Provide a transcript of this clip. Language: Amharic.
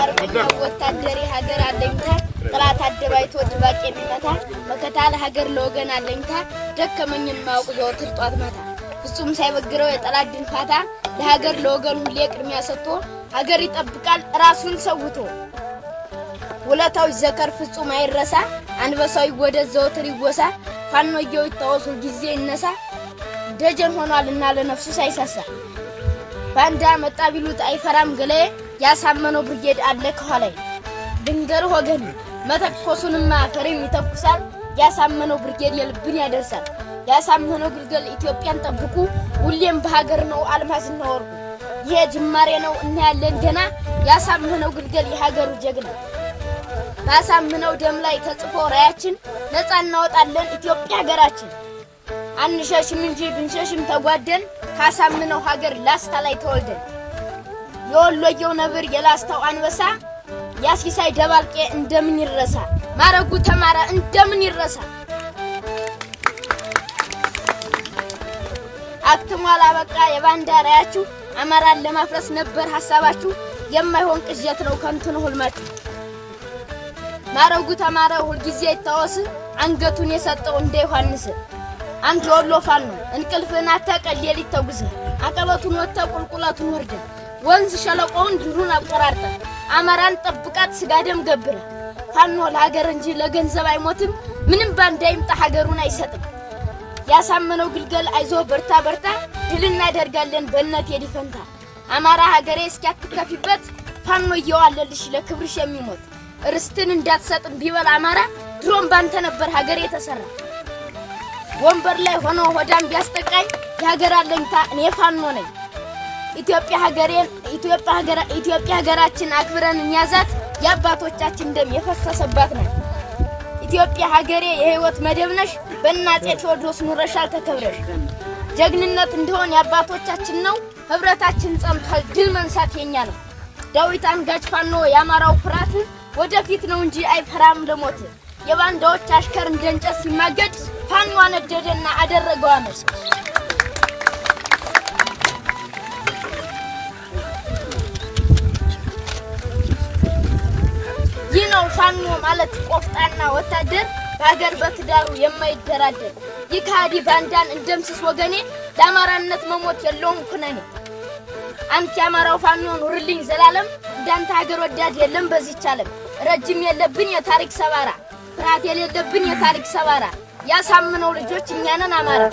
አርበኛው ወታደር ሀገር አለኝታ ጠላት አደባይቶ ድባቅ የሚመታ መከታ ለሀገር ለወገን አለኝታ ደከመኝ የማያውቅ ዘወትር ጧት ማታ ፍጹም ሳይበግረው የጠላት ድንፋታ ለሀገር ለወገን ሁሌ ቅድሚያ ሰጥቶ ሀገር ይጠብቃል ራሱን ሰውቶ ውለታው ይዘከር ፍጹም አይረሳ አንበሳው ይወደድ ዘወትር ይወሳ ፋኖየው ይታወሱ ጊዜ ይነሳ ደጀን ሆኗልና ለነፍሱ ሳይሳሳ ባንዳ መጣ ቢሉት አይፈራም ገሌ ያሳመነው ብርጌድ አለ ከኋላይ ድንገር ወገን መተኮሱንማ ፈሪም ይተኩሳል ያሳመነው ብርጌድ የልብን ያደርሳል ያሳመነው ግልገል ኢትዮጵያን ጠብቁ ሁሌም በሀገር ነው አልማዝ ወርቁ ይሄ ጅማሬ ነው እናያለን ገና ያሳመነው ግልገል የሀገሩ ጀግና ባሳምነው ደም ላይ ተጽፎ ራያችን ነፃ እናወጣለን ኢትዮጵያ ሀገራችን አንሸሽም እንጂ ብንሸሽም ተጓደን ካሳምነው ሀገር ላስታ ላይ ተወልደን የወሎየው ነብር የላስታው አንበሳ ያሲሳይ ደባልቄ እንደምን ይረሳ ማረጉ ተማረ እንደምን ይረሳ አክትሟል አበቃ የባንዳ ራያችሁ አማራን ለማፍረስ ነበር ሀሳባችሁ የማይሆን ቅዠት ነው ከንቱን ሁልመት ማረጉ ተማረ ሁልጊዜ ይታወስ አንገቱን የሰጠው እንደ ዮሐንስ አንተ ወሎ ፋን ነው እንቅልፍህን አታቀል ሌሊት ተጉዘህ አቀበቱን ወጥተህ ቁልቁለቱን ወርደ ወንዝ ሸለቆውን ድሩን አቆራርጠህ አማራን ጠብቃት ስጋ ደም ገብረህ ፋኖ ለሀገር እንጂ ለገንዘብ አይሞትም። ምንም ባንዳ ይምጣ ሀገሩን አይሰጥም። ያሳመነው ግልገል አይዞ በርታ በርታ ድል እናደርጋለን በእነት የዲፈንታ አማራ ሀገሬ እስኪያትከፊበት ፋኖ እየዋለልሽ ለክብርሽ የሚሞት ርስትን እንዳትሰጥም ቢበል አማራ ድሮም ባንተ ነበር ሀገሬ የተሰራ ወንበር ላይ ሆኖ ሆዳም ቢያስጠቃኝ የሀገር አለኝታ እኔ ፋኖ ነኝ። ኢትዮጵያ ሀገሬን ኢትዮጵያ ሀገራ ኢትዮጵያ ሀገራችን አክብረን እንያዛት። የአባቶቻችን ደም የፈሰሰባት ነው። ኢትዮጵያ ሀገሬ የህይወት መደብ ነሽ። በእናጤ ቴዎድሮስ ኑረሻል ተከብረሽ። ጀግንነት እንደሆን የአባቶቻችን ነው። ህብረታችን ጸምቷል። ድል መንሳት የኛ ነው። ዳዊት አንጋጭ ፋኖ የአማራው ፍራት ወደፊት ነው እንጂ አይፈራም ለሞት የባንዳዎች አሽከር እንደ እንጨት ሲማገድ ፋኗ ነደደና አደረገው አመጽ። ይህ ነው ፋኖ ማለት ቆፍጣና ወታደር በሀገር በትዳሩ የማይደራደር ይህ ከሃዲ ባንዳን እንደምስስ ወገኔ ለአማራነት መሞት የለውም ኩነኔ። አንቺ አማራው ፋኖን ሁርልኝ ዘላለም እንዳንተ ሀገር ወዳድ የለም በዚች ዓለም። ረጅም የለብን የታሪክ ሰባራ ፍርሃት የሌለብን የታሪክ ሰባራ ያሳምነው ልጆች እኛንን አማራ